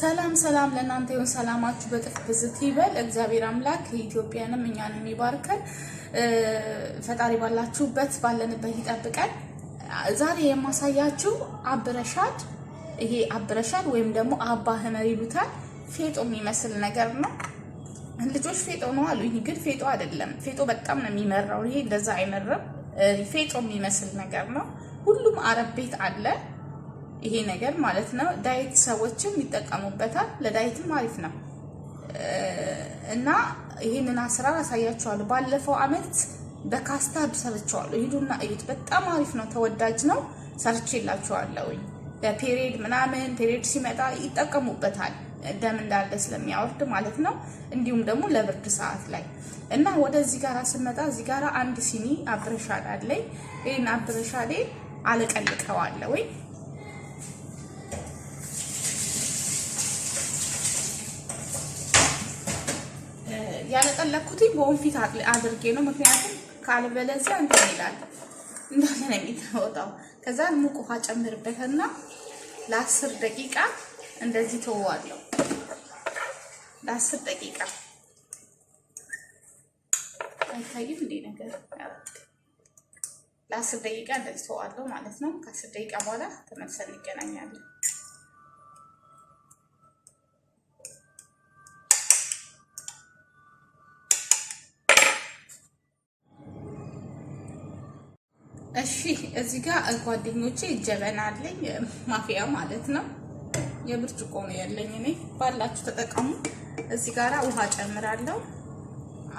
ሰላም ሰላም ለእናንተ ይሁን። ሰላማችሁ በጥፍ ብዝት ይበል። እግዚአብሔር አምላክ ኢትዮጵያንም እኛንም ይባርከን። ፈጣሪ ባላችሁበት ባለንበት ይጠብቀን። ዛሬ የማሳያችሁ አብረሻድ፣ ይሄ አብረሻድ ወይም ደግሞ አባ ህመር ይሉታል። ፌጦ የሚመስል ነገር ነው። ልጆች ፌጦ ነው አሉ። ይህ ግን ፌጦ አይደለም። ፌጦ በጣም ነው የሚመራው። ይሄ እንደዛ አይመርም። ፌጦ የሚመስል ነገር ነው። ሁሉም አረብ ቤት አለ። ይሄ ነገር ማለት ነው። ዳይት ሰዎችም ይጠቀሙበታል፣ ለዳይትም አሪፍ ነው እና ይህንን አሰራር አሳያችኋለሁ። ባለፈው አመት በካስታርድ ሰርቸዋለሁ፣ ሂዱና እዩት። በጣም አሪፍ ነው፣ ተወዳጅ ነው። ሰርች ላችኋለሁኝ። በፔሪድ ምናምን ፔሪድ ሲመጣ ይጠቀሙበታል፣ ደም እንዳለ ስለሚያወርድ ማለት ነው። እንዲሁም ደግሞ ለብርድ ሰዓት ላይ እና ወደዚህ ጋራ ስመጣ እዚህ ጋራ አንድ ሲኒ አብረሻድ አለኝ። ይህን አብረሻዴ ወይ ያለጠለኩት በወንፊት አድርጌ ነው። ምክንያቱም ካልበለዚያ እንትን ይላል እንደሆነ ነው የሚወጣው። ከዛ ሙቅ ውሃ ጨምርበትና ለአስር ደቂቃ እንደዚህ ተዋዋለሁ። ለአስር ደቂቃ አይታይም እንዴ ነገር ለአስር ደቂቃ እንደዚህ ተዋዋለሁ ማለት ነው። ከአስር ደቂቃ በኋላ ተመልሰን እንገናኛለን። እሺ እዚህ ጋር ጓደኞቼ ጀበና አለኝ፣ ማፊያ ማለት ነው። የብርጭቆ ነው ያለኝ እኔ፣ ባላችሁ ተጠቀሙ። እዚህ ጋራ ውሃ ጨምራለሁ።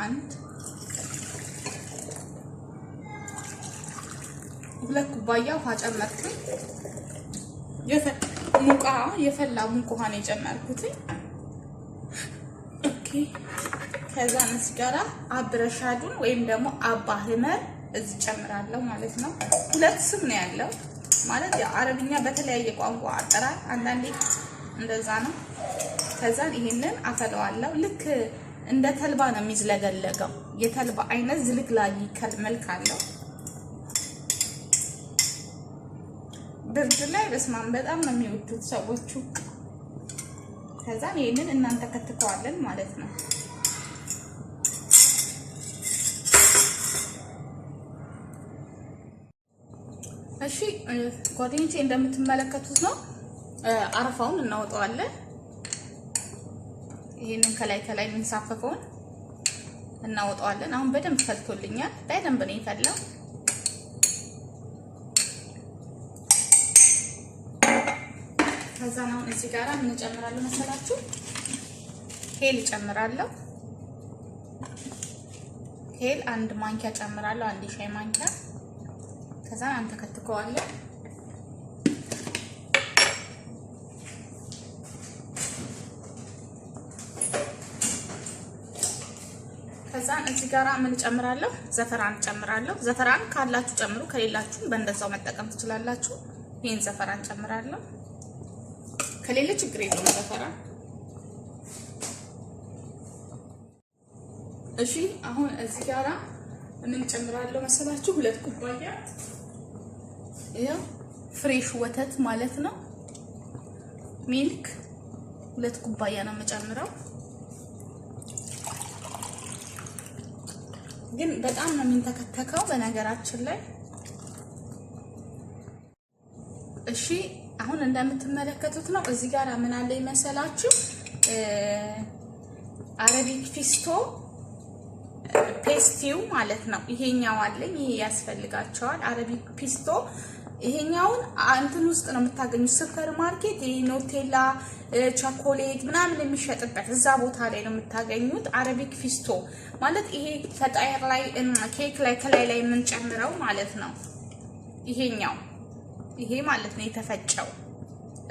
አንድ ሁለት ኩባያ ውሃ ጨመርኩኝ። ሙቃ የፈላ ሙቅ ውሃ ነው የጨመርኩትኝ። ኦኬ ከዛን እዚህ ጋራ አብረሻዱን ወይም ደግሞ አባ ህመር እዚህ ጨምራለሁ ማለት ነው። ሁለት ስም ነው ያለው ማለት አረብኛ በተለያየ ቋንቋ አጠራር አንዳንዴ እንደዛ ነው። ከዛን ይሄንን አፈለዋለሁ። ልክ እንደ ተልባ ነው የሚዝለገለገው። የተልባ አይነት ዝልግላጊ መልክ አለው። ብርድ ላይ በስማን በጣም ነው የሚወዱት ሰዎቹ። ከዛን ይሄንን እናንተ ከትከዋለን ማለት ነው። እሺ ጓደኞቼ እንደምትመለከቱት ነው። አረፋውን እናወጣዋለን። ይሄንን ከላይ ከላይ የምንሳፈፈውን እናወጣዋለን። አሁን በደንብ ፈልቶልኛል። በደንብ ነው የፈላው። ከዛን አሁን እዚህ ጋራ ምን እጨምራለሁ መሰላችሁ? ሄል እጨምራለሁ። ሄል አንድ ማንኪያ ጨምራለሁ፣ አንድ ሻይ ማንኪያ ከዛ አንተ ከትከዋለህ። ከዛ እዚህ ጋር ምን ጨምራለሁ? ዘፈራን ጨምራለሁ። ዘፈራን ካላችሁ ጨምሩ፣ ከሌላችሁ በእንደዛው መጠቀም ትችላላችሁ። ይህን ዘፈራን ጨምራለሁ። ከሌለ ችግር የለውም ዘፈራን እሺ አሁን እዚህ ጋራ ምን ጨምራለሁ መሰላችሁ? ሁለት ኩባያ ያው ፍሬሽ ወተት ማለት ነው። ሚልክ ሁለት ኩባያ ነው የምጨምረው። ግን በጣም ነው የሚንተከተከው በነገራችን ላይ እሺ። አሁን እንደምትመለከቱት ነው። እዚህ ጋር ምን አለ ይመሰላችሁ? አረቢክ ፊስቶ ፔስቲው ማለት ነው። ይሄኛው አለኝ። ይሄ ያስፈልጋቸዋል። አረቢክ ፒስቶ ይሄኛውን እንትን ውስጥ ነው የምታገኙት፣ ሱፐር ማርኬት ይሄ ኖቴላ ቸኮሌት ምናምን የሚሸጥበት እዛ ቦታ ላይ ነው የምታገኙት። አረቢክ ፊስቶ ማለት ይሄ ፈጣይር ላይ ኬክ ላይ ከላይ ላይ የምንጨምረው ማለት ነው። ይሄኛው ይሄ ማለት ነው የተፈጨው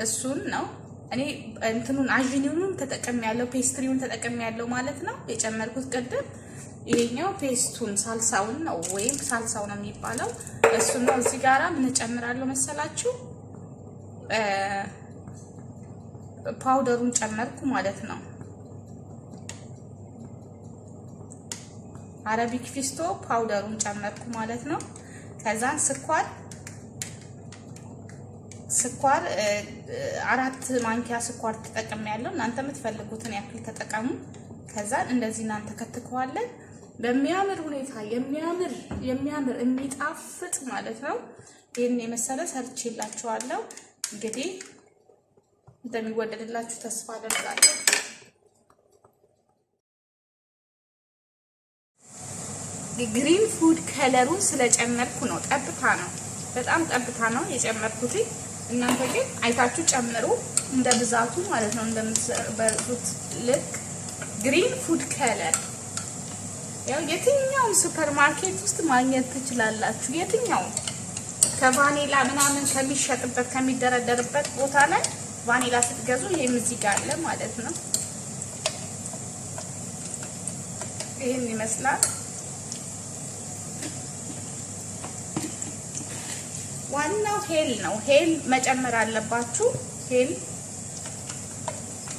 እሱን ነው እኔ እንትኑን አዥኒኑን ተጠቅሜያለሁ፣ ፔስትሪውን ተጠቅሜያለሁ ማለት ነው የጨመርኩት ቅድም ይሄኛው ፔስቱን ሳልሳውን ነው ወይም ሳልሳው ነው የሚባለው። እሱ ነው እዚህ ጋራ ምን ጨምራለሁ መሰላችሁ? ፓውደሩን ጨመርኩ ማለት ነው። አረቢክ ፊስቶ ፓውደሩን ጨመርኩ ማለት ነው። ከዛን ስኳር ስኳር አራት ማንኪያ ስኳር ተጠቅሜያለሁ። እናንተ የምትፈልጉትን ያክል ተጠቀሙ። ከዛን እንደዚህ እናንተ ከትከዋለን። በሚያምር ሁኔታ የሚያምር የሚያምር የሚጣፍጥ ማለት ነው። ይህን የመሰለ ሰርቼላችኋለሁ። እንግዲህ እንደሚወደድላችሁ ተስፋ አደርጋለሁ። ግሪን ፉድ ከለሩን ስለጨመርኩ ነው። ጠብታ ነው፣ በጣም ጠብታ ነው የጨመርኩት። እናንተ ግን አይታችሁ ጨምሩ፣ እንደ ብዛቱ ማለት ነው እንደምትበሉት ልክ ግሪን ፉድ ከለር የትኛውም ሱፐር ማርኬት ውስጥ ማግኘት ትችላላችሁ። የትኛውም ከቫኒላ ምናምን ከሚሸጥበት ከሚደረደርበት ቦታ ላይ ቫኒላ ስትገዙ ይህም እዚህ ጋር አለ ማለት ነው። ይህን ይመስላል። ዋናው ሄል ነው። ሄል መጨመር አለባችሁ። ሄል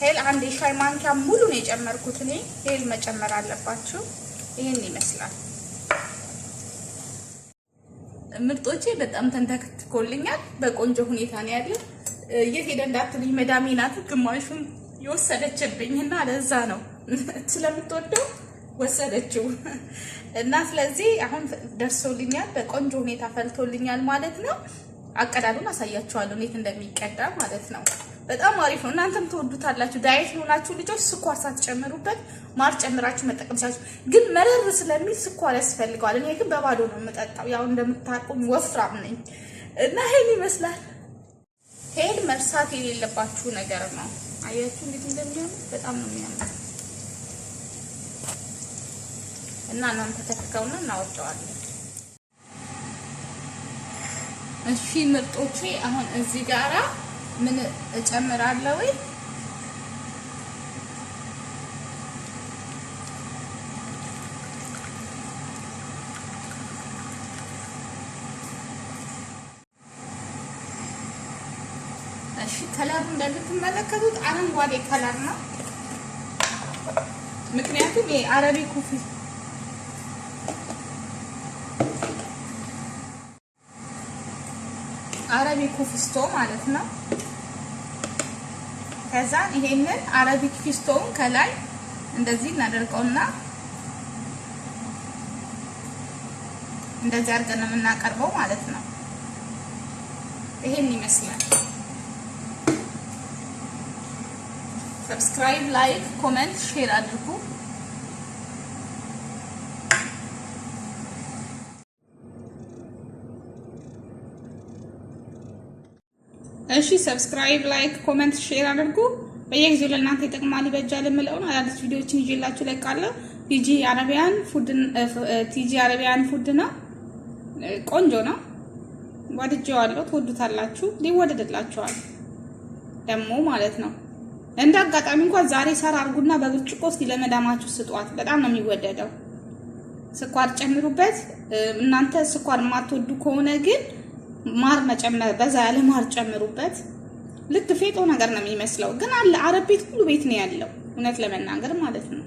ሄል አንድ የሻይ ማንኪያ ሙሉ ነው የጨመርኩት እኔ። ሄል መጨመር አለባችሁ። ይህን ይመስላል። ምርጦቼ በጣም ተንተክትኮልኛል። በቆንጆ ሁኔታ ነው ያለው። የት ሄደ እንዳትልኝ መዳሜ ናት ግማሹን የወሰደችብኝና ለዛ ነው ስለምትወደው ወሰደችው እና ስለዚህ አሁን ደርሶልኛል። በቆንጆ ሁኔታ ፈልቶልኛል ማለት ነው። አቀዳዱን አሳያችኋለሁ እንዴት እንደሚቀዳ ማለት ነው። በጣም አሪፍ ነው። እናንተም ትወዱታላችሁ። ዳየት የሆናችሁ ልጆች ስኳር ሳትጨምሩበት ማር ጨምራችሁ መጠቀም ይችላችሁ። ግን መረር ስለሚል ስኳር ያስፈልገዋል። እኔ ግን በባዶ ነው የምጠጣው። ያው እንደምታውቁም ወፍራም ነኝ እና ይሄን ይመስላል። ይሄን መርሳት የሌለባችሁ ነገር ነው። አያችሁ እንዴት እንደሚሆን በጣም ነው የሚያምር እና እናንተ ተከተውና እናወጣዋለን እሺ ምርጦቼ፣ አሁን እዚህ ጋራ ምን እጨምራለሁ? እሺ ከለሩ እንደምትመለከቱት አረንጓዴ ከለር ነው። ምክንያቱም የአረቢ ኩፍ ። አረቢክ ኩፍስቶ ማለት ነው። ከዛ ይሄንን አረቢክ ፊስቶውን ከላይ እንደዚህ እናደርቀውና እንደዚህ አድርገን የምናቀርበው ማለት ነው። ይሄን ይመስላል። ሰብስክራይብ፣ ላይክ፣ ኮመንት፣ ሼር አድርጉ። እሺ ሰብስክራይብ፣ ላይክ፣ ኮመንት፣ ሼር አድርጉ። በየጊዜው ለእናንተ ይጠቅማል ይበጃል የምለውን አዳዲስ ቪዲዮዎችን ይዤላችሁ እለቃለሁ። ቲጂ አረቢያን ፉድ ቲጂ አረቢያን ፉድ ነው። ቆንጆ ነው። ወድጄዋለሁ። ትወዱታላችሁ። ሊወደድላችኋል ደግሞ ማለት ነው። እንደ አጋጣሚ እንኳን ዛሬ ሳር አርጉና በብርጭቆ ውስጥ ለመዳማችሁ ስጧት። በጣም ነው የሚወደደው። ስኳር ጨምሩበት። እናንተ ስኳር የማትወዱ ከሆነ ግን ማር መጨመር በዛ ያለ ማር ጨምሩበት። ልክ ፌጦ ነገር ነው የሚመስለው፣ ግን አለ አረብ ቤት ሁሉ ቤት ነው ያለው እውነት ለመናገር ማለት ነው።